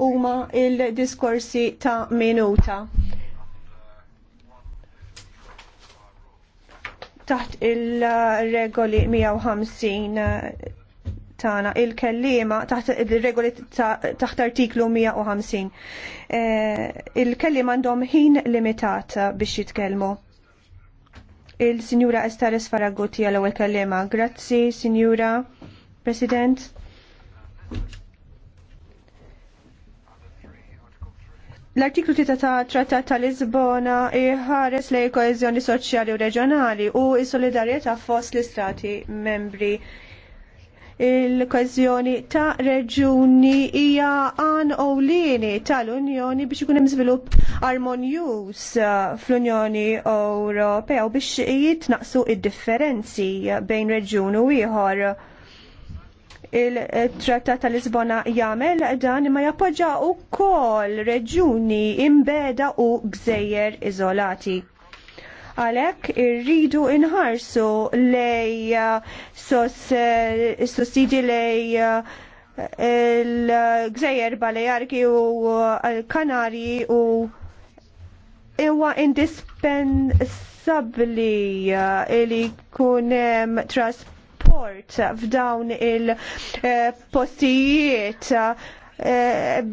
huma il-diskorsi ta' minuta. Taħt il-regoli 150 eh, tana il-kellima taħt il-regoli taħt artiklu 150. Eh, il-kellima għandhom ħin limitat biex jitkellmu. Il-Sinjura Estares Faraguti għal-ewwel kellima. Grazzi, Sinjura President. L-artiklu tita ta' Trattat ta' Lisbona iħares lej koezjoni soċjali u reġjonali u s-solidarjetà fost l-istati membri. Il-koezjoni ta' reġjuni hija għan ewlieni tal-Unjoni biex ikun hemm żvilupp armonjuż fl-Unjoni Ewropea u biex jitnaqsu id-differenzi bejn reġjun u ieħor il-Trattat tal-Lisbona jagħmel dan ma jappoġġa wkoll reġuni imbeda u gżejjer iżolati. Għalhekk irridu inħarsu lej uh, sussidi uh, lej uh, il-gżejjer Balearki u l-Kanari u huwa indispensabbli li kun hemm trasport support f'dawn il-postijiet eh, eh,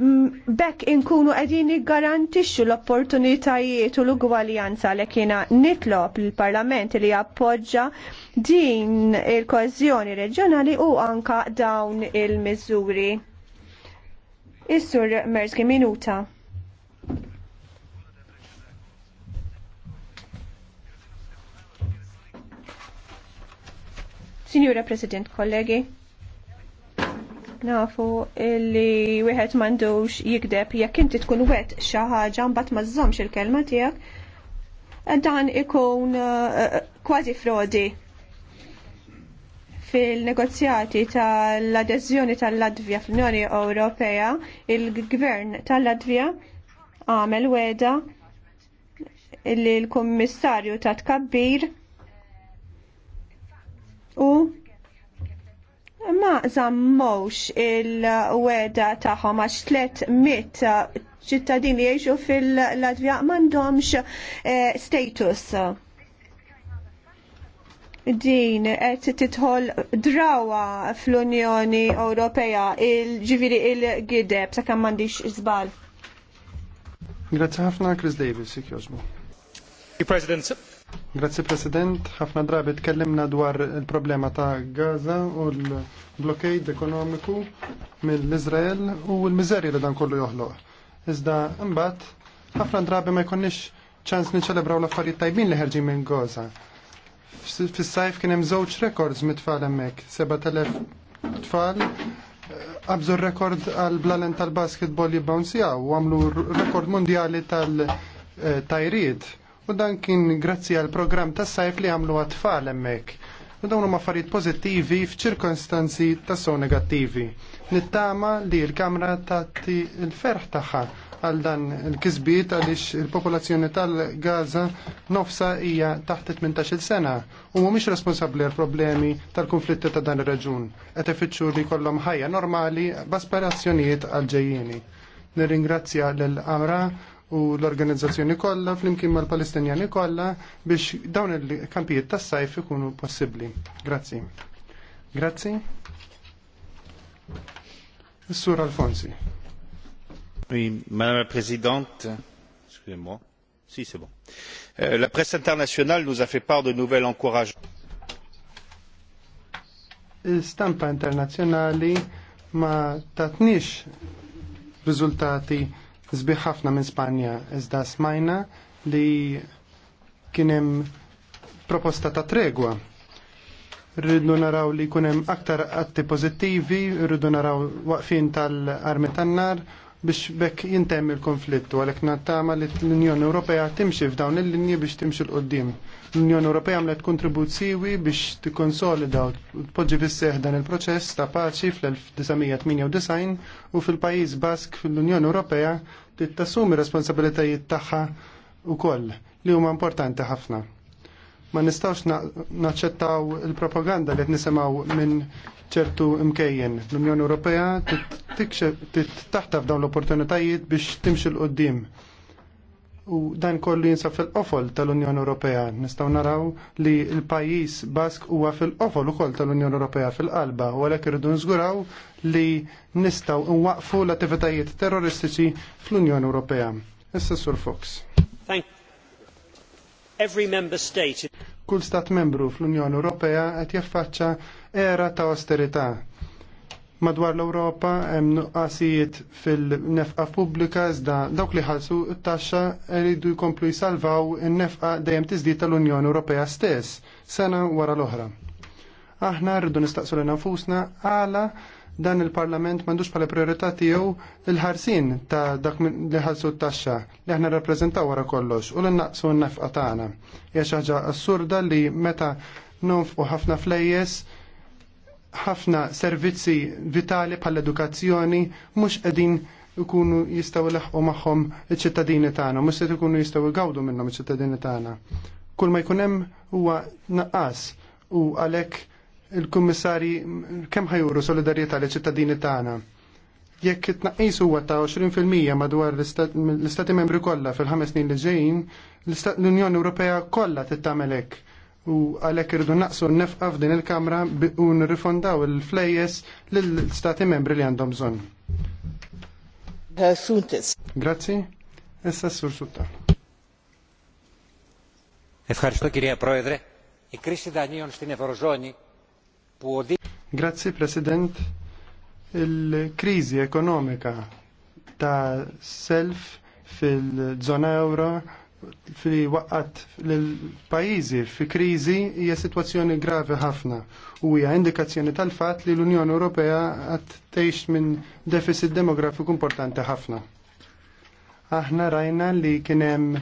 bekk inkunu għedin garantixxu l-opportunitajiet u l-ugwaljanza li kiena nitlob l-Parlament li appoġġa din il-kozzjoni reġjonali u anka dawn il-miżuri. Is-sur Merski minuta. Signora President, kollegi, nafu li wieħed m'għandux jikdeb jekk inti tkun wet xi ħaġa mbagħad ma żżommx il-kelma tiegħek dan ikun eh, kważi frodi fil-negozjati tal-adeżjoni tal-Latvja fl-Unjoni Ewropea, il-Gvern tal-Latvja għamel weda li l-Kummissarju ta' Tkabbir ma il-weda ma' għax mit ċittadini jgħixu fil-Latvija m'għandhomx eh, status. Din qed titħol drawa fl-Unjoni Ewropea il-ġifieri il-gideb sakemm m'għandix żball. Grazzi ħafna Chris Davis, ikjożbu. President, Grazzi President, ħafna drabi tkellimna dwar il-problema ta' Gaza u l-blokkejt ekonomiku mill-Izrael u l-miżerji li dan kollu joħloq. Iżda mbagħad ħafna drabi ma jkunniex ċans niċċelebraw l-affarijiet tajbin li ħerġin minn Gaza. Fis-sajf kien hemm żewġ records mit-tfal hemmhekk, 7000 tfal eh, qabżu rekord għal blalen tal-basketball jibbawnsijaw u għamlu rekord mondjali tal-tajriet eh, U dan kien grazzi għal programm tas sajf li għamlu għat-tfal hemmhekk. U dawn huma affarijiet pożittivi f'ċirkostanzi so negattivi. Nittama li l-Kamra tagħti l-ferħ tagħha għal dan il-kisbiet għaliex il-popolazzjoni tal-Gaza nofsa hija taħt 18 sena u mhumiex responsabbli għal problemi tal-konflitti ta' dan ir-raġun qed ifittxu li kollhom ħajja normali b'aspirazzjonijiet għal ġejjieni. Nirringrazzja lill Amra u l-organizzazzjoni kollha flimkien mal-Palestinjani kollha biex dawn il-kampijiet tas-sajf ikunu possibbli. Grazzi. Grazzi. sur Alfonsi. Oui, Madame la Présidente, excusez-moi. Si, c'est bon. Euh, la presse internationale nous a fait part de nouvelles encouragements. Stampa internazzjonali ma tatnix riżultati zbiħ ħafna minn Spanja, iżda smajna li kienem proposta ta' tregwa. Rridu naraw li kunem aktar atti pozittivi, rridu naraw waqfin tal-armi tan-nar biex bekk jintemm il konflitt u għalhekk nattama li l-Unjoni Ewropea timxi f'dawn il-linji biex timxi l qoddim L-Unjoni Ewropea għamlet kontribut siwi biex konsolida u t-podġi fisseħ dan il-proċess ta' paċi fl-1998 u fil-Pajjiż Bask fl-Unjoni Ewropea tassumi responsabilitajiet tagħha koll li huma importanti ħafna ma nistax naċċettaw il-propaganda li qed nisimgħu minn ċertu imkejjen. L-Unjoni Ewropea taħtaf dawn l-opportunitajiet biex timxil l-qoddim. U dan kollu jinsa fil-qofol tal-Unjoni Ewropea. Nistgħu naraw li l-pajjiż Bask huwa fil-qofol ukoll tal-Unjoni Ewropea fil-qalba, u għalhekk irridu nżguraw li nistgħu nwaqfu l-attivitajiet terroristiċi fl-Unjoni Ewropea. Issa Sur Fox. Thank Every member state Kull stat membru fl-Unjoni Ewropea qed jaffaċċa era ta' austerità. Madwar l-Ewropa hemm nuqqasijiet fil-nefqa pubblika iżda dawk li ħalsu t-taxxa jridu jkomplu jsalvaw in-nefqa dejjem tiżdid tal-Unjoni Ewropea stess sena wara l-oħra. Aħna rridu nistaqsu l nafusna għala dan il-Parlament m'għandux bħala priorità tiegħu il-ħarsin ta' dak li ħalsu t-taxxa li aħna rrappreżentaw wara kollox u l-naqsu n-nefqa tagħna. Hija xi ħaġa assurda li meta nonfqu ħafna flejjes ħafna servizzi vitali bħall-edukazzjoni mhux qegħdin ikunu jistaw leħqu magħhom iċ-ċittadini tagħna, mhux se ikunu jistaw igawdu minnhom iċ-ċittadini tagħna. Kull ma jkun hemm huwa naqqas u għalhekk il-kummissari kemm ħajuru solidarieta li ċittadini tagħna. Jekk it-tnaqqis huwa ta' 20% madwar l-Istati membri kollha fil-ħames snin li ġejjin, l-Unjoni Ewropea kollha tittamelek. U għalhekk irridu naqsu nnefqa f'din il-Kamra u nirrifondaw il-flejjes lill istati membri li għandhom bżonn. Grazzi. Issa s-sur sutta. Ευχαριστώ κυρία Πρόεδρε. Η κρίση δανείων στην Ευρωζώνη Grazzi President. Il-krizi ekonomika ta' self fil-zona euro fil waqqat l-pajizi fi krizi hija situazzjoni gravi ħafna u hija indikazzjoni tal-fatt li l-Unjoni Ewropea qed tgħix minn deficit demografiku importanti ħafna. Aħna rajna li kien hemm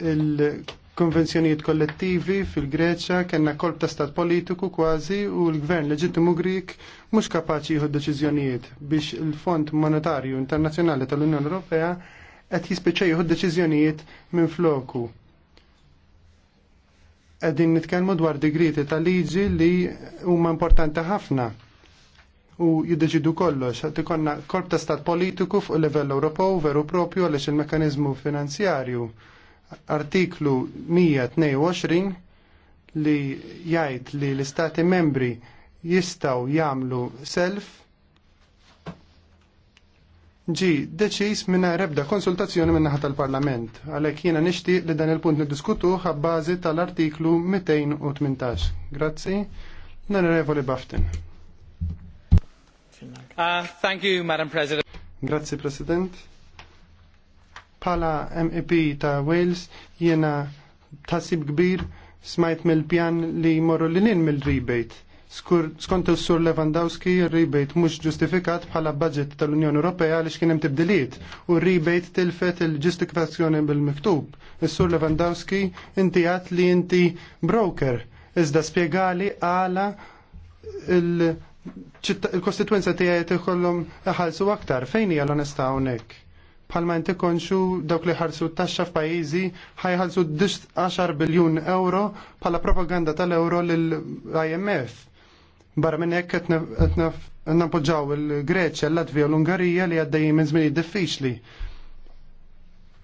il konvenzjonijiet kollettivi fil-Greċja kellna kolb ta' stat politiku kważi u l-gvern leġittimu Grik mhux kapaċi jieħu deċiżjonijiet biex il-Fond Monetarju Internazzjonali tal-Unjoni Ewropea qed jispiċċa jieħu deċiżjonijiet minn floku. Qegħdin nitkellmu dwar digriti ta' liġi li huma importanti ħafna u jiddeċidu kollox. Għat ikonna kolb ta' stat politiku fuq il Ewropew veru propju għaliex il-mekanizmu finanzjarju artiklu 122 li jgħid li l-istati membri jistaw jagħmlu self ġi deċis minna rebda konsultazzjoni minna ħat tal-Parlament, għalek jiena nixtieq li dan il-punt niddiskutu ħabbażi tal-artiklu 218. Grazzi, Narevoli Baftin. Uh, thank you, Madam President. Grazzi, President. Pala MEP ta' Wales jiena tasib kbir smajt mill-pjan li jmorru li nien mill-rebate. Skont il-sur Lewandowski, il-rebate mhux ġustifikat bħala budget tal-Unjoni Ewropea li xkienem hemm tibdiliet u rebate tilfet il-ġustifikazzjoni bil-miktub. Is-sur Lewandowski inti għat li inti broker iżda spjegali għala il-kostituenza tiegħi tikollhom ħalsu aktar. Fejn hija onesta hawnhekk? palma jinti konxu dawk li ħarsu taxxa f'pajjiżi ħajħalsu 10 biljun euro bħala propaganda tal-euro lill-IMF. Barra minn hekk qed nappoġġaw il-Greċja, l-Latvija u l-Ungarija li għaddejjin minn żmien diffiċli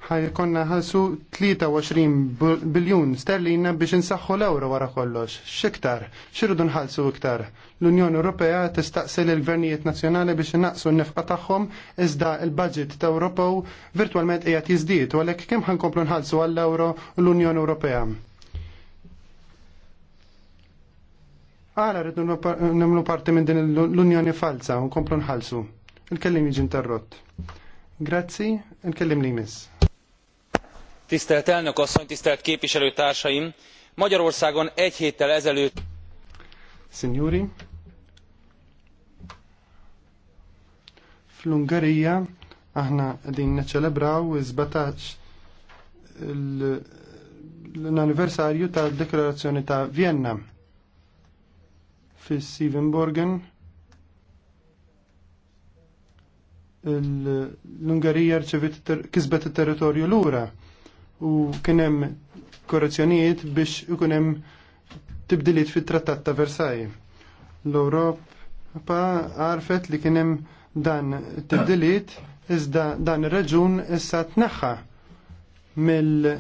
ħajkonna ħalsu 23 biljun sterlina biex insaħħu l-euro wara kollox. Xiktar, xirridu nħalsu iktar. L-Unjoni Ewropea tistaqsil il-gvernijiet nazzjonali biex naqsu n-nefqa tagħhom iżda l-budget ta' Ewropew virtwalment qiegħed jiżdied u għalhekk kemm ħankomplu nħallsu għall-euro l-Unjoni Ewropea. Għala rridu nagħmlu parti minn din l-Unjoni falsa u nkomplu nħallsu. Il-kellim jiġi interrott. Grazzi, il-kellim li jmiss tisztelt elnök asszony tisztelt képviselőtársaim! magyarországon egy héttel ezelőtt. Signori, fl-Ungarija aħna qegħdin neċċelebraw żbatax l-anniversarju tad-Deklarazzjoni ta' Vienna fi Sievenborgen l-Ungarija rċevit kisbet it-territorju lura u kien hemm korrezzjonijiet biex ikun hemm tibdiliet fit-Trattat ta' Versailles. L-Ewropa għarfet li kien hemm dan tibdiliet iżda dan ir-raġun issa tneħħa mill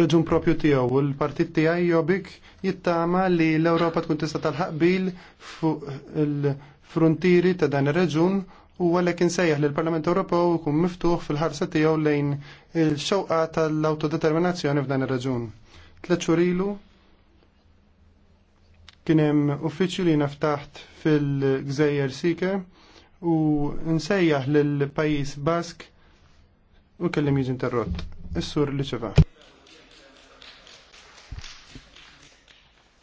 raġun propju tiegħu u l-partit tiegħi jobbik jittama li l-Ewropa tkun tista' talħaq bil fuq il-frontieri ta' dan ir-raġun u għalek insejjaħ li l-Parlament Ewropew ikun miftuħ fil-ħarsa tiegħu lejn il-xewqa tal-autodeterminazzjoni f'dan ir-raġun. Tliet xurilu ilu kien hemm uffiċċju li naftaħt fil-Gżejjer Sike u nsejjaħ lill-Pajjiż Bask u kellim jiġi interrott. Is-sur li ċeva.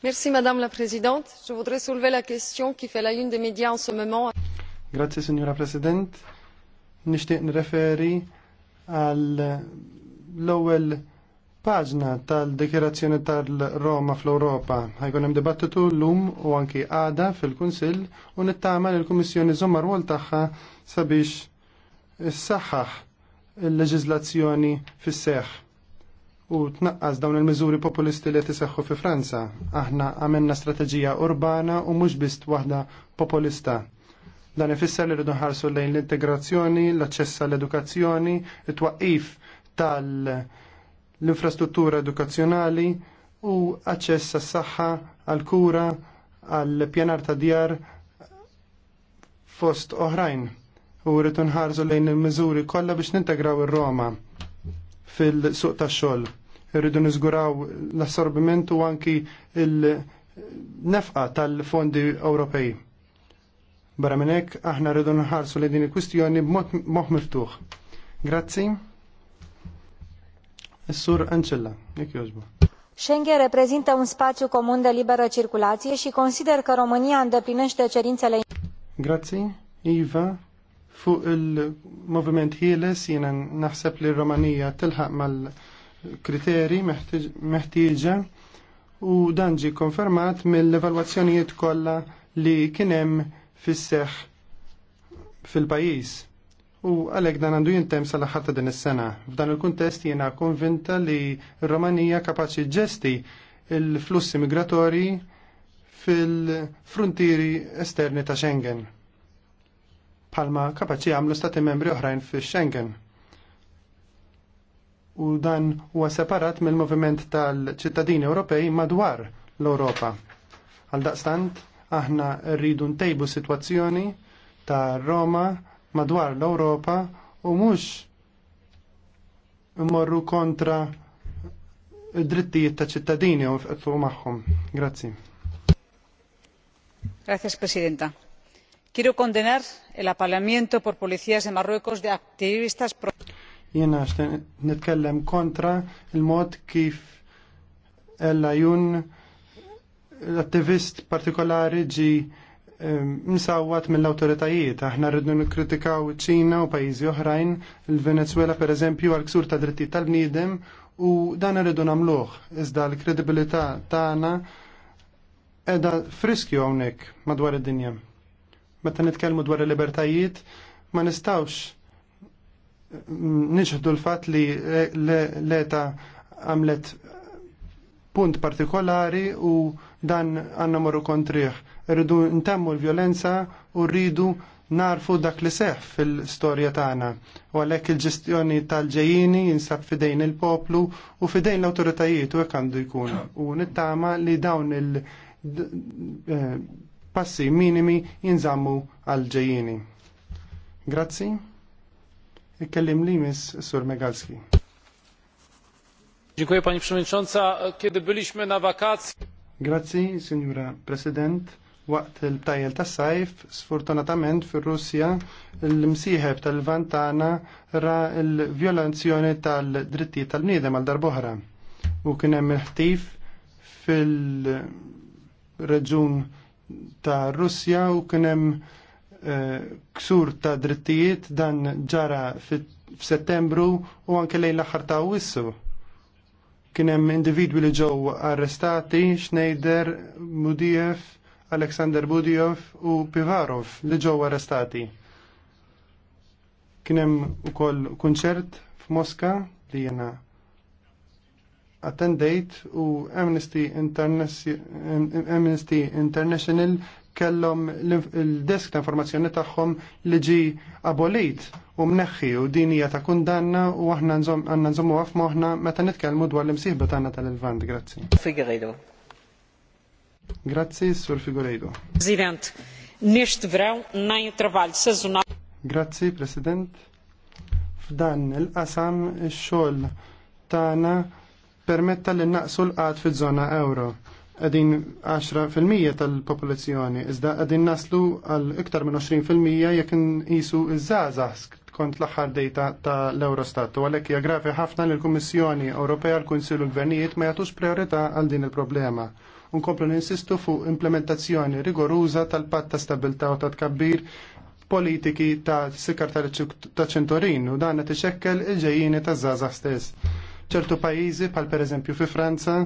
Merci Madame la Présidente. Je voudrais soulever la question qui fait la lune des médias en ce moment. Grazzi, Signora President. Nishtiq nreferi għal l-ewwel paġna tal-Dikjerazzjoni tal-Roma fl-Ewropa. Ħajkun hemm dibattitu llum u anki għada fil-Kunsill u nittama' il-Kummissjoni żommar wol tagħha sabiex issaħħaħ il-leġizlazzjoni fis-seħħ u tnaqqas dawn il-miżuri populisti li tiseħħu fi Franza. Aħna għamilna strateġija urbana u mhux biss waħda populista. Dan ifisser li rridu nħarsu lejn l-integrazzjoni, l-aċċess għall-edukazzjoni, it-twaqqif tal-infrastruttura edukazzjonali u aċċess għas saħħa għal-kura, għal-pjanar ta' djar fost oħrajn. U rridu nħarsu lejn il-miżuri kollha biex nintegraw ir-Roma fil-suq tax-xogħol. Irridu niżguraw l-assorbiment u anki il- nefqa tal-fondi Ewropej. Barra minnek, aħna rridu nħarsu li din il-kwistjoni b'mod miftuħ. Grazzi. Is-sur Ancella, jek jogħġbu. Schengen reprezintă un spațiu comun de liberă circulație și consider că România îndeplinește cerințele. Grazie, Iva. Fuq il-moviment ħieles jiena naħseb li Romania tilħaq mal-kriteri meħtieġa u dan ġie konfermat mill-evalwazzjonijiet kollha li kien hemm fis fil-pajis. U għalek dan għandu jintem sal ta' din is-sena. F'dan il-kuntest jiena konvinta li r-Romanija kapaċi ġesti il-flussi migratori fil-frontieri esterni ta' Schengen. Palma kapaċi għamlu stati membri oħrajn fi Schengen. U dan huwa separat mill-moviment tal-ċittadini Ewropej madwar l-Ewropa. Għal daqstant, Aħna rridu ntejbu situazzjoni ta' Roma madwar l europa u mhux morru kontra id drittijiet ta' ċittadini u nfqetlu magħhom. Grazzi. Gracias, Presidenta. Quiero condenar el apalamiento por policías de Marruecos de activistas pro jena xten, nitkellem kontra il-mod kif el Jun l-attivist partikolari ġi msawwat mill-autoritajiet. Aħna rridu nikkritikaw ċina u pajjiżi oħrajn, il-Venezuela per eżempju għal ksur ta' drittijiet tal-bniedem u dan rridu nagħmluh. Iżda l-kredibilità tagħna qiegħda friskju hawnhekk madwar id-dinja. Meta nitkellmu dwar il-libertajiet, ma nistawx mm, niġħdu l-fatt li l-eta għamlet punt partikolari u Dan għanna morru kontriħ. Rridu ntemmu l-violenza u rridu narfu dak li seħ fil-storja tagħna. U għalhekk il-ġestjoni tal-ġejjini jinsab fidejn il-poplu u fidejn l-awtoritajiet u hekk għandu jkun. U nittama li dawn il-passi eh, minimi jinżammu għal-ġejjini. Grazzi. Ikkellim li miss Sur Megalski. Dziękuję Pani Przewodnicząca. Kiedy byliśmy na wakacji... Grazzi, Signora President. Waqt il-tajjel tas sajf, sfortunatament fir-Russja, l-msieħeb tal-Vantana ra l-violazzjoni tal-drittijiet tal-bniedem għal darbohra. U kien hemm il-ħtif fil-reġun ta' Russja u kien hemm eh, ksur ta' drittijiet dan ġara f'Settembru u anke lejn l-aħħar ta' Wissu Kien hemm individwi li ġew arrestati, Schneider, Mudiev, Aleksander Budiev u Pivarov li ġew arrestati. Kien hemm ukoll kunċert f'Moska li jena attendejt u Amnesty, Amnesty International kellhom il-desk ta' informazzjoni tagħhom li ġi abolit u mneħħi u din hija ta' kundanna u aħna għandna nżommu għaf moħħna meta nitkellmu dwar l-imsieħba tagħna tal-Ilvant. Grazzi. Figurejdu. Grazzi, Sur Figurejdu. President, nixt vraw najn traval sezonal. Grazzi, President. F'dan il-qasam ix-xogħol tagħna permetta li naqsu l-qad fiż-żona euro għadin 10% tal-popolazzjoni, iżda għadin naslu għal iktar minn 20% jekk nqisu iż-żgħażagħ kont l-aħħar dejta tal-Eurostat. U għalhekk hija gravi ħafna l-Kummissjoni Ewropea l-Kunsill u l-Gvernijiet ma jagħtux priorità għal din il-problema. Unkomplu ninsistu fuq implementazzjoni rigoruża tal-patt ta' stabilta u ta' tkabbir politiki ta' sikar ta' ċentorin u dan qed ixekkel il-ġejjieni ta' żgħażagħ stess ċertu pajizi, pal per eżempju fi Franza,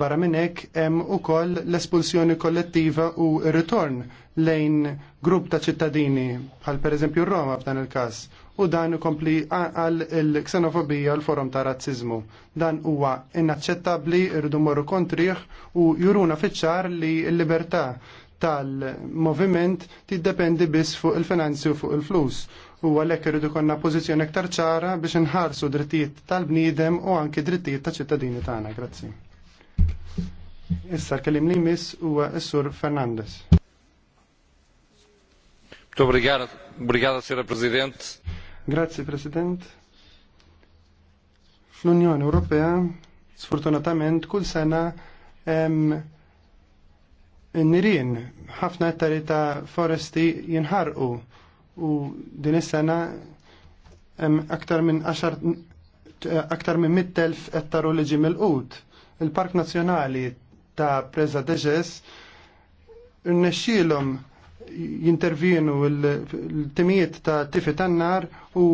Barra minn hekk hemm ukoll l-espulsjoni kollettiva u r-ritorn lejn grupp ta' ċittadini bħal pereżempju Roma f'dan il-każ u dan ikompli għal il-ksenofobija u l-forum ta' razzizmu. Dan huwa inaċċettabbli rridu morru kontriħ u juruna fiċċar li l-libertà tal-moviment tiddependi biss fuq il-finanzi u fuq il-flus. U għalhekk irridu konna pożizzjoni aktar ċara biex inħarsu drittijiet tal-bniedem u anki drittijiet ta' ċittadini tagħna. Grazzi. Issa kellim li mis u s-sur Fernandez. Obrigado, obrigado, Sr. Presidente. Grazie, Presidente. Fl-Unjoni Ewropea, sfortunatament, kull sena em, nirien ħafna ettari ta' foresti jinħarqu u din is-sena aktar minn 10 aktar minn mittelf ettaru li ġie mill Il-Park Nazzjonali ta' preza deġes, n-nexxilom jintervjenu l-timijiet ta' tifi tan-nar u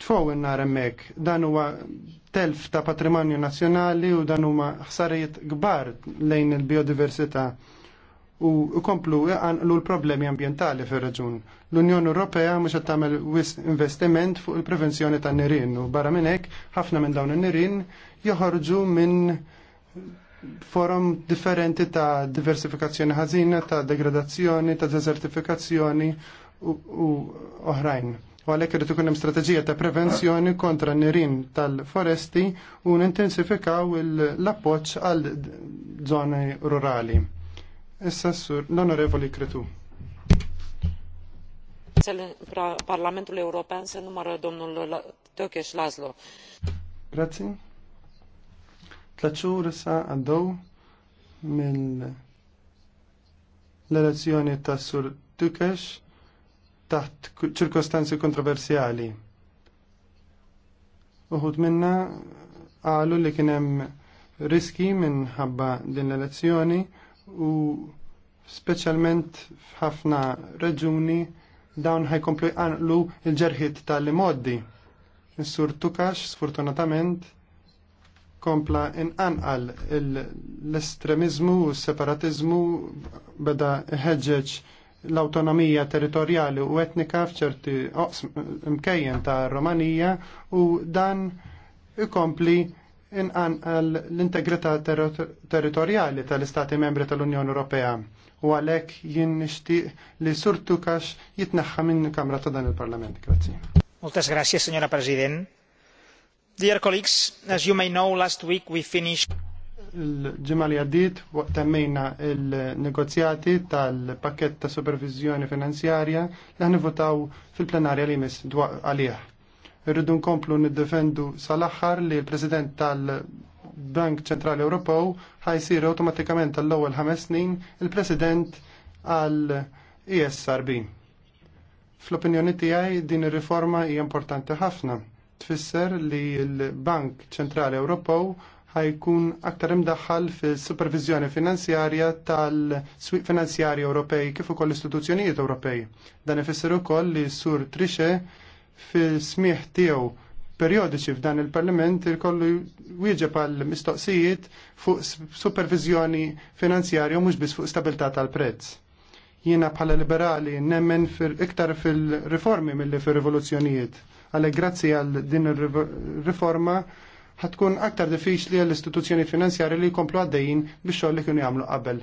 tfow in-nar hemmhekk. Dan huwa telf ta' patrimonju nazzjonali u dan huma ħsarijiet kbar lejn il-biodiversità u komplu għanqlu l-problemi ambientali fir raġun L-Unjoni Ewropea mhux qed tagħmel wis investiment fuq il-prevenzjoni tan nirin u barra minn hekk ħafna minn dawn in-nirien joħorġu minn forum differenti ta' diversifikazzjoni ħażina, ta' degradazzjoni, ta' desertifikazzjoni u oħrajn u għalhekk irid ikun hemm strateġija ta' prevenzjoni kontra n tal-foresti u nintensifikaw l-appoġġ għal żoni rurali. Issa sur l-Onorevoli Kretu. Parlamentul European se numără domnul Tokes Lazlo. Grazie tlaċur xhur issa mill l-elezzjoni ta' Sur Dukesh taħt ċirkostanzi kontroversjali. Uħud minna għalu li kienem riski minħabba din l-elezzjoni u specialment f'ħafna reġuni dawn ħajkomplu jqanqlu il-ġerħit tal li Is-sur Tukax, sfortunatament, tkompla inqanqal l-estremizmu u s-separatizmu beda ħeġġeġ l-autonomija territorjali u etnika fċerti mkejjen ta' Romanija u dan ikompli inqanqal l-integrità territorjali tal-Istati membri tal-Unjoni Ewropea u għalek jien nishtiq li surtukax jitneħħa minn Kamra ta' dan il-Parlament. Grazie. Moltes grazie, signora President. Dear colleagues, as you may know, last week we finished il-ġimma li għaddit waqt il-negozjati tal-pakket ta' supervizjoni finanzjarja li għan votaw fil-plenarja li mis għalih. Irridu nkomplu niddefendu sal-axħar li l-President tal-Bank Ċentrali Ewropew ħajsir automatikament tal-ewwel ħames snin il-President għal ISRB. E Fl-opinjoni tiegħi din ir-riforma hija importanti ħafna tfisser li l-Bank Ċentrali Ewropew ħajkun aktar imdaħħal fil-supervizjoni finanzjarja tal-swiq finanzjarji Ewropej kif ukoll l-istituzzjonijiet Ewropej. Dan ifisser ukoll li sur Trixe fil-smieħ tiegħu periodiċi f'dan il-Parlament il-kollu wieġeb għal mistoqsijiet fuq supervizjoni finanzjarja mhux biss fuq stabilità tal-prezz. Jiena bħala liberali nemmen iktar fil-riformi mill-li fil-rivoluzzjonijiet għalek grazzi għal din ir-riforma ħatkun aktar diffiċli għall-istituzzjoni finanzjari li jkomplu għaddejjin biex xogħol li kienu jagħmlu qabel.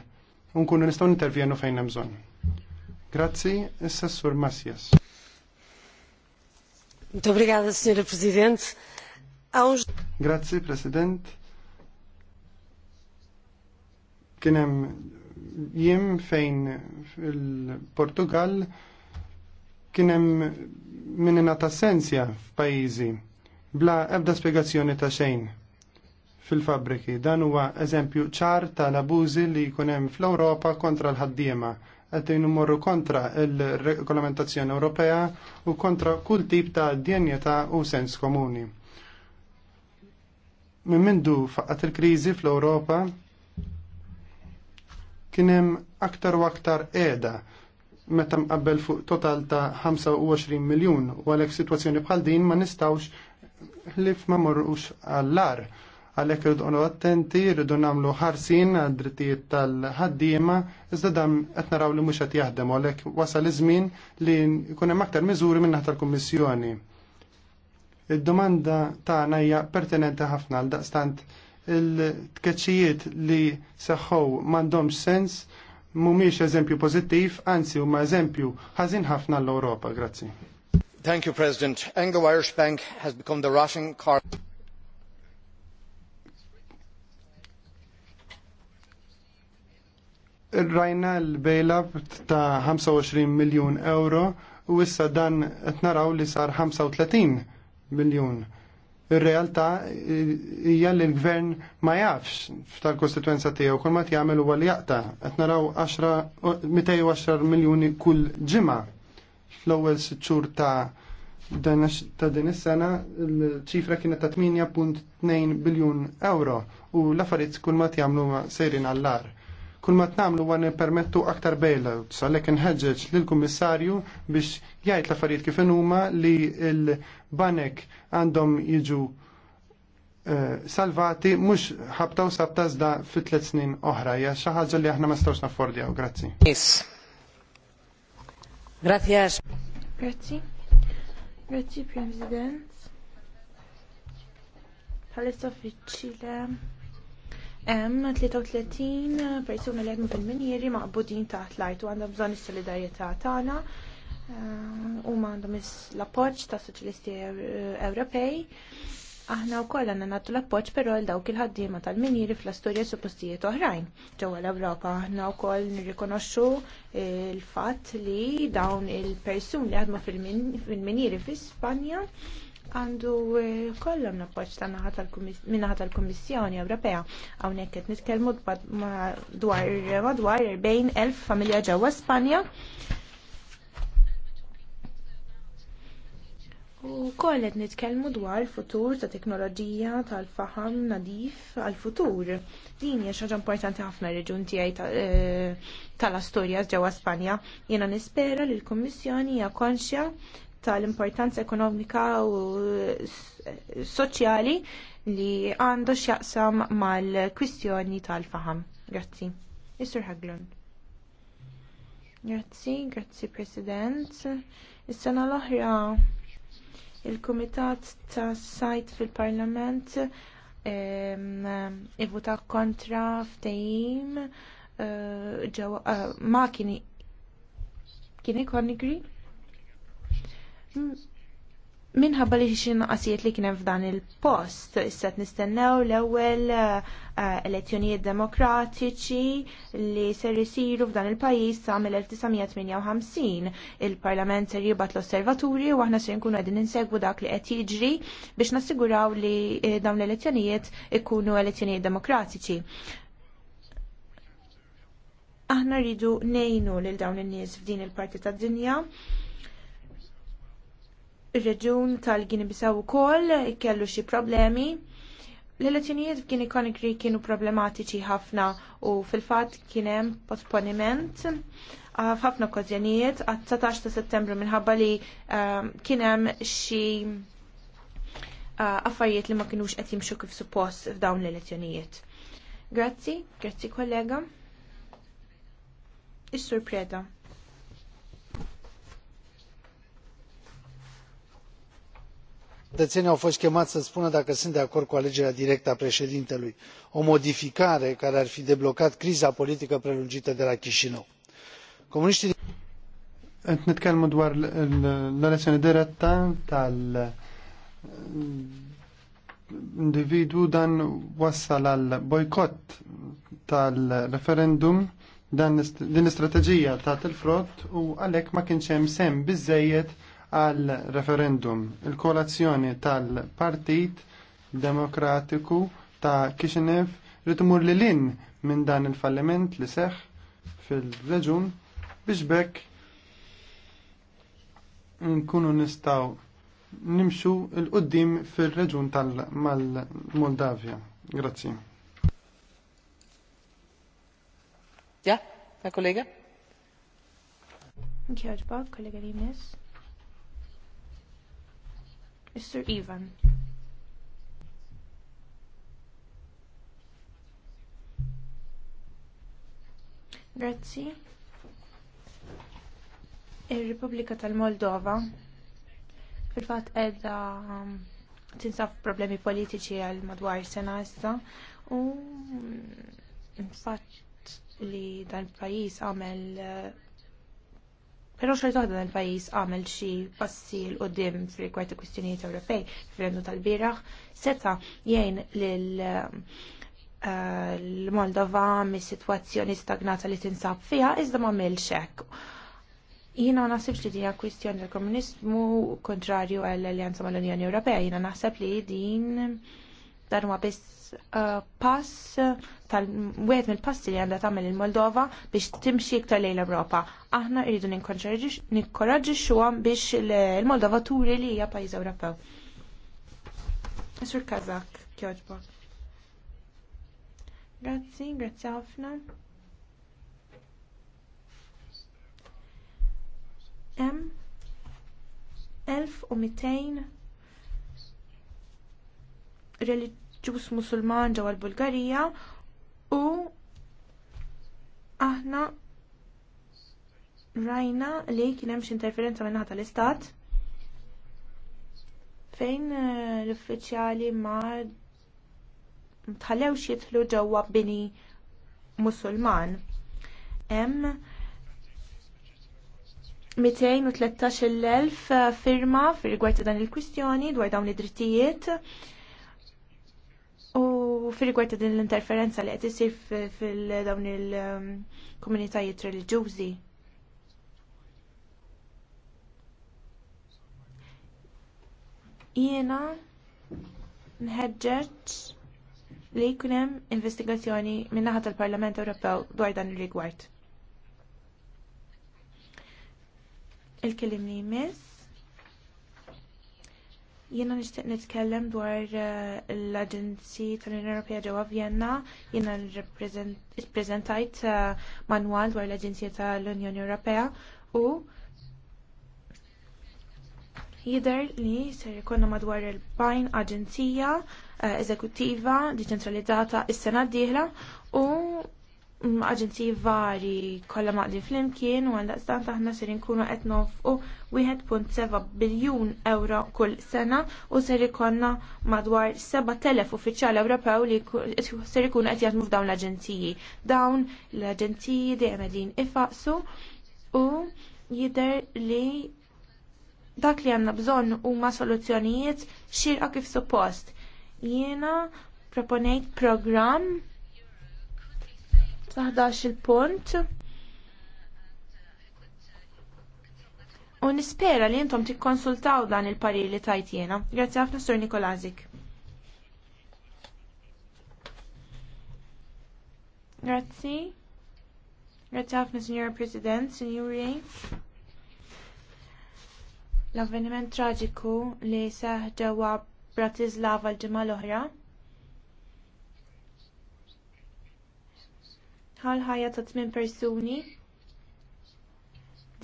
Unkunu nistgħu nintervjenu fejn hemm bżonn. Grazzi, s sessur Masjas. Dobrigada, Sr. President. Grazzi, President. Kienem jiem fejn il-Portugal kien hemm min ingħata sensja f'pajjiżi bla ebda spjegazzjoni ta' xejn fil-fabriki. Dan huwa eżempju ċar tal-abużi li jkun hemm fl-Ewropa kontra l-ħaddiema qed morru kontra l regolamentazzjoni Ewropea u kontra kull tip ta' djenjeta u sens komuni. Minn mindu faqqat il-kriżi fl-Ewropa kien hemm aktar u aktar qiegħda meta mqabbel fuq total ta' 25 miljun u għalhekk sitwazzjoni bħal din ma nistawx li ma morrux għall Għalek Għalhekk irridu attenti, irridu nagħmlu ħarsin għad-drittijiet tal-ħaddiema, iżda dam qed naraw li mhux qed jaħdem għalhekk wasal iż-żmien li jkun hemm aktar miżuri minn tal-Kummissjoni. Id-domanda tagħna hija pertinenti ħafna għal daqstant il-tkeċċijiet li seħħow m'għandhomx sens mumiex eżempju pozittiv, anzi ma eżempju ħażin ħafna l europa Grazzi. Thank you, President. Anglo Irish Bank has become the rotting car. Rajna l-bailup ta' 25 miljon euro u issa dan etnaraw li sar 35 miljon euro il realtà hija li l-gvern ma jafx tal-kostituenza tiegħu kull ma jagħmel huwa li jaqta' qed naraw 210 miljuni kull ġimgħa fl-ewwel sitt xhur ta' ta' din is-sena l-ċifra kienet ta' 8.2 biljun euro u l-affarijiet kull ma jagħmlu sejrin għall-ar. Kull ma tnamlu għan permettu aktar bailouts, għalek nħedġeġ l-Kummissarju biex jgħajt l-affarijiet kif huma li l-banek għandhom jiġu eh, salvati mux ħabtaw sabta zda fit tliet snin oħra, ja xaħġa li aħna ma stawx naffordjaw, grazzi. Yes. Grazie. Grazzi. Grazzi, President. Palissa fiċċile. Hemm 33 persuna li għedmu fil-minjeri maqbudin taħt lajt u għandhom bżonn is-solidarjetà tagħna eh, u għandhom l-appoġġ ta' Soċjalisti eh, Ewropej. Aħna wkoll għandna nagħtu l-appoġġ però l dawk il-ħaddiema tal-minjeri fl-Asturja su postijiet oħrajn ġewwa l-Ewropa. Aħna wkoll nirrikonoxxu l-fatt li dawn il-persuni li għadmu fil-minjeri fi Spanja għandu eh, kollom l ta' minnaħat tal kummissjoni Ewropea. hawnhekk qed nitkellmu dwar madwar 40,000 familja ġewwa Spanja. U koll qed nitkellmu dwar il-futur ta' teknoloġija tal-faham nadif għal-futur. Din hija xi ħaġa importanti ħafna reġun tiegħi eh, tal-Asturja ġewwa Spanja. Jiena nispera li l-Kummissjoni hija konxja tal-importanza ekonomika u soċjali li għandu x'jaqsam mal-kwistjoni tal-faham. Grazzi. Isur Haglund. Grazzi, grazzi President. Is-sena l-oħra il-Kumitat tas Sajt fil-Parlament ivvuta kontra ftehim eh, ġewwa eh, ma kien kien ikon Minħabba li xi qasijiet li kien hemm f'dan il-post, issa nistennew l-ewwel eh, elezzjonijiet demokratiċi li ser isiru f'dan il-pajjiż sa mill-1958. Il-Parlament ser jibat l-osservaturi u aħna ser nkunu qegħdin insegwu dak li qed jiġri biex nassiguraw li eh, dawn l-elezzjonijiet ikunu elezzjonijiet demokratiċi. Aħna rridu nejnu lil dawn in-nies f'din il-parti tad-dinja Ir-reġun tal-Gini Bisaw ukoll kellu xi problemi. L-elezzjonijiet f'Gini konikri kienu problematiċi ħafna u fil-fatt kien hemm posponiment ah, f'ħafna okkażjonijiet għat-19 ta' Settembru minħabba li ehm, kien hemm xi ah, affarijiet li ma kinux qed jimxu kif suppost f'dawn l-elezzjonijiet. Grazzi, grazzi kollega. is Preda. cetățenii au fost chemați să spună dacă sunt de acord cu alegerea directă a președintelui o modificare care ar fi deblocat criza politică prelungită de la chișinău. Mm, individu dan wassal għal tal-referendum dan din l ta' frott u ma kienx hemm sem biżejjed għal referendum il-kolazzjoni tal-Partit Demokratiku ta' Kishinev ritmur li lin minn dan il-falliment li seħ fil-reġun biex bekk nkunu nistaw nimxu il-qoddim fil-reġun tal-Moldavia. Grazzi. Ja, ta' kollega? Ġerba, kollega li Mr. Ivan. Grazzi. Ir-Repubblika tal-Moldova fil-fatt edha um, tinsab problemi politiċi għal madwar sena issa u mm, fatt li dan pajis għamel Pero xorta waħda dan il-pajjiż għamel xi passi l qudiem fil-rigward ta' kwistjonijiet Ewropej referendum tal-bieraħ seta' jgħin lil eh, l-Moldova mis-sitwazzjoni stagnata li tinsab fiha iżda ma mill hekk. Jina naħsibx li dinja kwistjoni tal-komunismu kontrarju għall-Alleanza mal-Unjoni Ewropea, jina naħseb li din dan huwa biss uh, pass tal-wieħed mill-passi li għandha tagħmel il-Moldova biex timxi iktar lejn l-Ewropa. Aħna rridu nikkoraġġixxuhom biex il-Moldova turi li hija pajjiż Ewropew. Sur Kazak, kjoġba. Grazzi, grazzi ħafna. Hemm 1200 relig ġus musulman ġewwa l-Bulgarija u aħna rajna li kien hemm xi interferenza minn naħa tal-Istat fejn eh, l-uffiċjali ma tħallewx jidħlu ġewwa bini musulman. Hemm elf eh, firma fir rigward dan il-kwistjoni dwar dawn id-drittijiet fi rigward ta' din l-interferenza li qed isir fil-dawn il-komunitajiet reliġjużi. Jiena nħeġġeġ li jkun hemm investigazzjoni min-naħa tal-Parlament Ewropew dwar dan ir-rigward. Il-kelim li jmiss Jiena nixtieq nitkellem dwar eh, l-Aġenziji tal-Unjoni Ewropea ġewwa Vjenna, jiena ppreżentajt eh, manwal dwar l-Aġenzija tal-Unjoni Ewropea u jidher li ser ikonna madwar il-bajn aġenzija eh, eżekuttiva deċentralizzata is-sena d-dieħla u aġenziji vari kollha maqli flimkien u għandaqstant aħna ser inkunu qed u 1.7 biljun euro kull sena u ser ikonna madwar 7,000 uffiċjali Ewropew li ser ikunu qed jadmu f'dawn l-aġenziji. Dawn l-aġenziji dejjem għamedin ifaqsu u jidher li dak li għandna bżonn huma soluzzjonijiet xirqa kif suppost. Jiena proponejt programm 11 il-punt. U nispera li jintom tikkonsultaw dan il-parir li tajt jena. Grazie ħafna Sur Nikolazik. Grazie. Grazie ħafna Signora President, Signori. L-avveniment traġiku li seħ Bratislava l-ġimgħa l-oħra tħal ħajja ta' tmien persuni.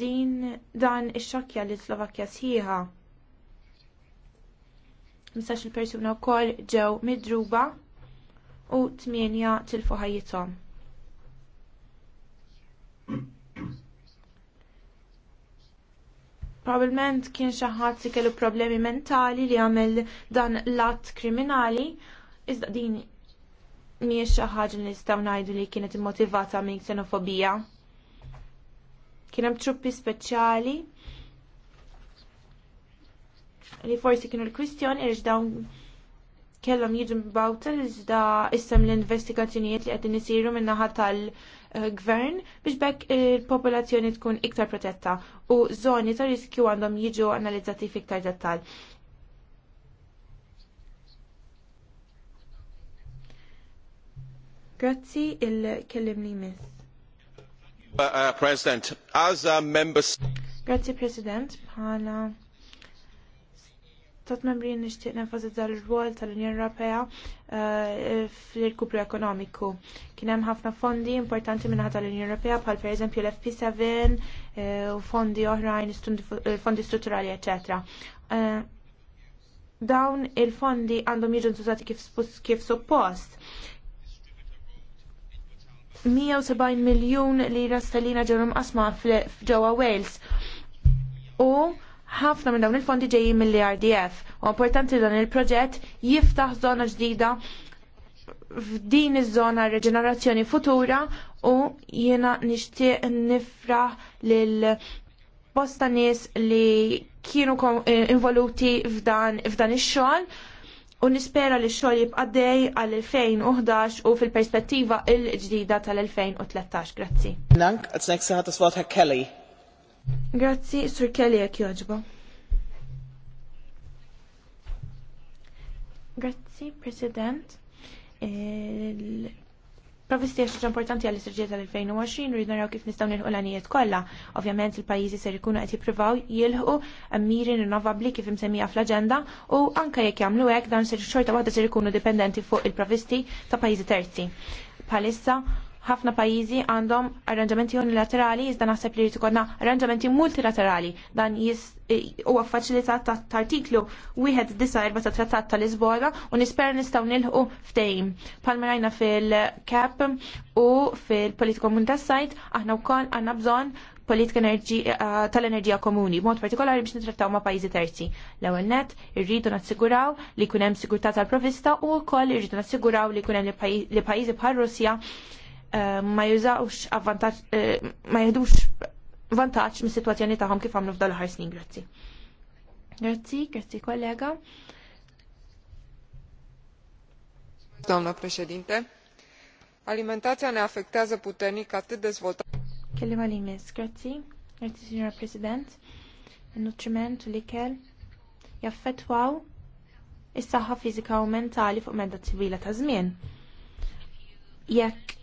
Din dan ix xokja li Slovakkja sħiħa. Mistax il-persuna wkoll ġew midruba u tmienja tilfu ħajjithom. Probabilment kien xi ħadd li kellu problemi mentali li għamel dan l-att kriminali, iżda din miex xi ħaġa li nistgħu ngħidu li kienet immotivata minn xenofobija. Kien hemm truppi speċjali li forsi kienu l-kwistjoni għax dawn kellhom jiġu mbawta iżda issem l-investigazzjonijiet li qegħdin isiru minn naħa tal-gvern biex bekk il-popolazzjoni tkun iktar protetta u żoni ta' riskju għandhom jiġu analizzati fiktar dettall. Grazzi il kellimni miss. Uh, uh, President, as a member... Grazzi President, bħala Tot membri nixtieq nenfasizza l-rwol tal-Unjoni Ewropea uh, fir irkupru ekonomiku. Kien hemm ħafna fondi importanti minnaħa tal-Unjoni Ewropea bħal pereżempju l-FP7 uh, u fondi oħrajn, uh, fondi strutturali, eċetera. Dawn il-fondi għandhom jiġu ntużati kif suppost 170 miljun lira sterlina ġewwa mqasma ġewwa Wales. U ħafna minn dawn il-fondi ġejjin mill-RDF. U importanti dan il-proġett jiftaħ żona ġdida f'din iż-żona reġenerazzjoni futura u jiena nixtieq nifraħ lil bosta nies li kienu eh, involuti f'dan ix-xogħol u nispera li xogħol jibqaddej għal 2011 u fil-perspettiva il-ġdida tal-2013. Grazzi. Nank, għat għaz neksa ħat Herr Kelly. Grazzi, Sur Kelly għak joġba. Grazzi, President. Provisti għax importanti għall istraġġija tal-2020 rridu naraw kif nistgħu nilħu l-għanijiet kollha. Ovvjament il-pajjiżi ser ikunu qed jippruvaw jilħu miri rinnovabbli kif imsemmija fl-aġenda u anke jekk jagħmlu hekk dan ser xorta waħda ser ikunu dipendenti fuq il-provisti ta' pajjiżi terzi. Palissa ħafna pajjiżi għandhom arranġamenti unilaterali iżda naħseb li jrid konna arranġamenti multilaterali dan jis e, huwa faċilitat ta' artiklu wieħed disa' ta' trattat ta' Lisbona u nisper nistgħu nilħu ftehim. Palma fil-CAP u fil-politika komun tas-sajt aħna wkoll għandna bżonn politika e, tal-enerġija komuni, mod partikolari biex nitrattaw ma' pajizi terzi. L-ewwel net irridu nassiguraw li jkun hemm sigurtà tal-provista u wkoll irridu nassiguraw li jkun hemm li pajjiżi bħal Russja Eh, ma jużawx avvantaġġ eh, ma jihdux vantaġġ mis-sitwazzjoni tagħhom kif għamlu f'dal ħar snin, grazzi. Grazzi, grazzi kollega. Donna preċedinte. alimentația ne afectează t atât dezvoltarea. Kellim għal-imis, grazzi, grazzi signora President, nutriment u l-ikel jaffetwaw is-saħħa fiżika u mentali fuq medda t ta' żmien. Jekk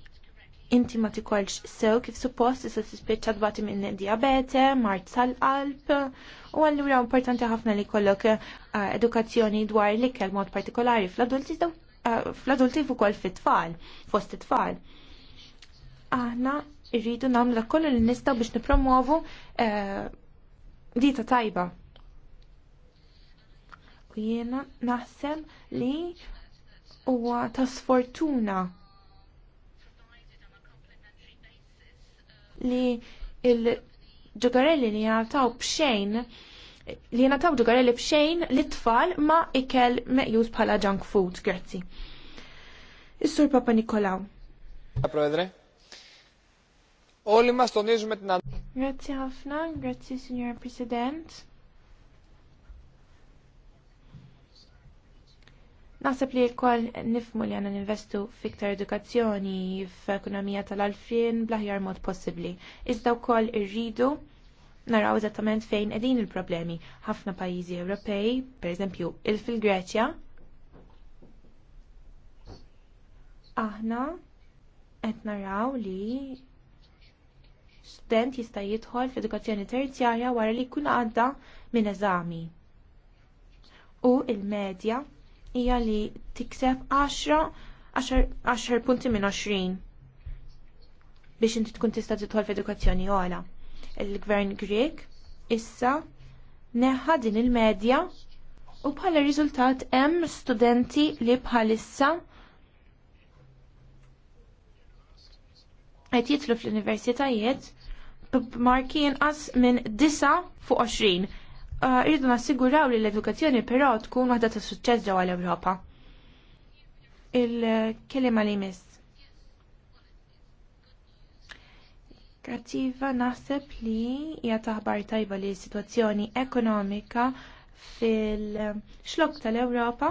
inti ma tikolx sew kif suppost issa tispiċċa tbati minn diabete, mart tal-qalb, u allura importanti ħafna li kollok eh, edukazzjoni dwar l-ikel mod partikolari fl-adulti eh, fl-adulti ukoll fit-tfal, fost it-tfal. Aħna irridu nagħmlu da kollu li nistgħu biex nipromovu eh, dita tajba. U jiena naħseb li huwa ta' sfortuna li il-ġugarelli li jgħataw bxejn li jgħataw ġugarelli bxejn li tfal ma ikel meqjus bħala junk food. Grazzi. Is-sur Papa Nikolaw. Provedre. Oli ma stonizmet na. Grazie ħafna, grazie signor President. Naħseb li l nifmu li għanna ninvestu fiktar edukazzjoni f'ekonomija tal-alfin blaħjar mod possibli. Iżda wkoll irridu naraw eżattament fejn qegħdin il-problemi. Ħafna pajjiżi Ewropej, pereżempju il fil-Greċja, aħna qed naraw li student jista' jidħol f'edukazzjoni terzjarja wara li jkun għadda minn eżami. U il-medja hija li tikseb 10 punti minn 20 biex inti tkun tista' tidħol f'edukazzjoni ogħla. Il-Gvern Grieg issa neħħa din il-medja u bħala riżultat hemm studenti li bħalissa qed jitlu fl-universitajiet b'marki inqas minn 9 fuq 20 Ah, irridu nassiguraw li l-edukazzjoni però tkun waħda ta' suċċess ġewwa l-Ewropa. Il-kelima li miss. Kattiva naħseb li hija taħbar tajba li s-sitwazzjoni ekonomika fil-xlok tal-Ewropa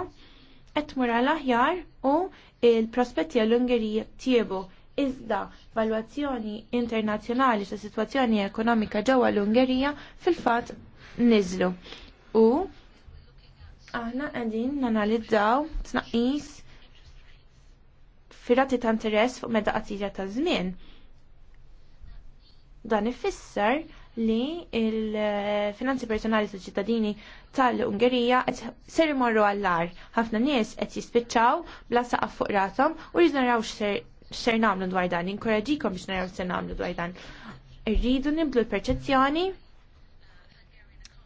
qed tmur għal aħjar u l-prospetti għall-Ungerija tiebu iżda valwazzjoni internazzjonali sa' sitwazzjoni ekonomika ġewwa l-Ungerija fil-fatt nizlu. U aħna qegħdin nanalizzaw tnaqqis firati ta' interess fuq meta qasira ta' żmien. Dan ifisser li il-finanzi personali ta' ċittadini tal-Ungerija qed ser imorru għall-ar. Ħafna nies qed jispiċċaw bla saqaf fuq rathom u jridu naraw x'ser nagħmlu dwar dan, inkoraġikom biex naraw x'ser nagħmlu dwar dan. Irridu nibdu l-perċezzjoni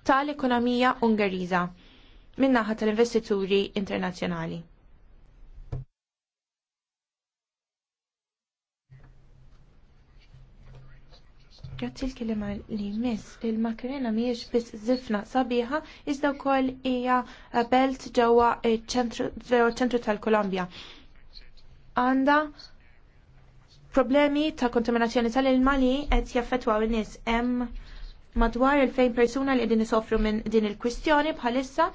tal-ekonomija Ungeriża min-naħa tal-investituri internazzjonali. Grazzi il kelima li miss, il-Makarena miex biss zifna sabiħa, iżda wkoll hija belt ġewwa ċentru tal kolombia Għanda problemi ta' kontaminazzjoni tal-ilma li qed jaffettwaw in-nies hemm madwar il-fejn persuna li għedin isofru minn din il-kwistjoni bħalissa.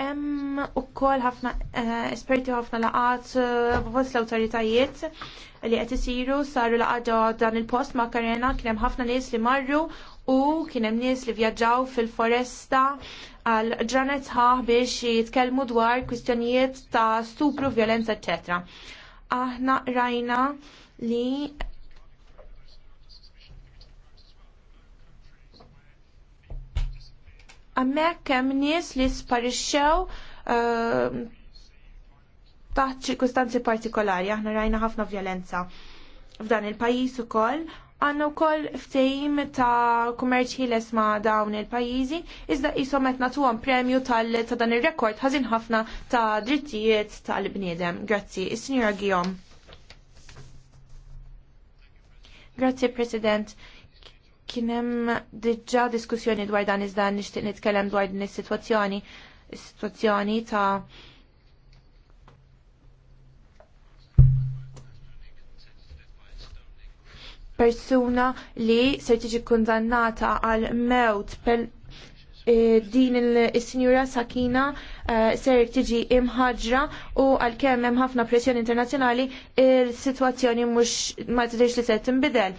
Hemm ukoll ħafna eh, esperti ħafna laqat eh, fost l-awtoritajiet li qed isiru saru laqat dan il-post ma' Karena kien hemm ħafna nies li marru u kien hemm nies li vjaġġaw fil-foresta għal ġranet ħah biex jitkellmu dwar kwistjonijiet ta' stupru, violenza, eccetera. Aħna rajna li Għammek hemm nies li sparixxew ehm, taħt ċirkustanzi partikolari, aħna rajna ħafna violenza f'dan il-pajjiż ukoll għanna u koll ftejim ta' kummerċi ħiles ma' dawn il-pajizi, iżda jisomet natu għan premju ta' dan il-rekord ħazin ħafna ta' drittijiet tal-bniedem. Grazzi, is-Sinjora Gijom. Grazzi, President. Kienem diġa diskussjoni dwar dan iżda nixtieq nitkellem dwar din is-sitwazzjoni, is-sitwazzjoni ta' persuna li se tiġi kundannata għal mewt pel eh, din il-Sinjura Sakina eh, ser tiġi imħadġra u għal-kem hemm ħafna pressjoni internazzjonali il-sitwazzjoni mhux ma tidhirx li se tinbidel.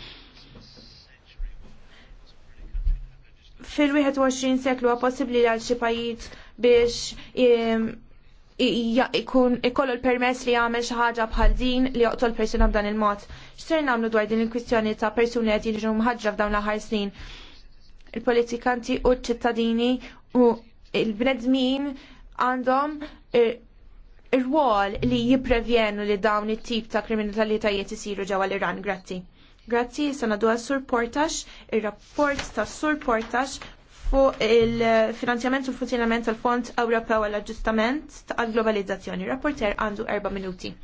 fil-21 seklu għu possibli għal xi pajjiż biex ikun ikollu l-permess li jagħmel xi ħaġa bħal din li joqtol persuna b'dan il-mod. X'ser nagħmlu dwar din il-kwistjoni ta' persuni qed jiġu mħaġġa f'dawn l ħar snin. Il-politikanti u ċ-ċittadini u il-bnedmin għandhom eh, ir-rwol li jiprevjenu li dawn it-tip ta' kriminalitajiet isiru ġewwa l-Iran. Grazzi. Grazzi, sana dwa Sur Portax, il-rapport ta' Sur Portax fuq il-finanzjament u l-funzjonament tal-Fond Ewropew għall-Aġġustament għall-Globalizzazzjoni. Rapporter għandu erba' minuti.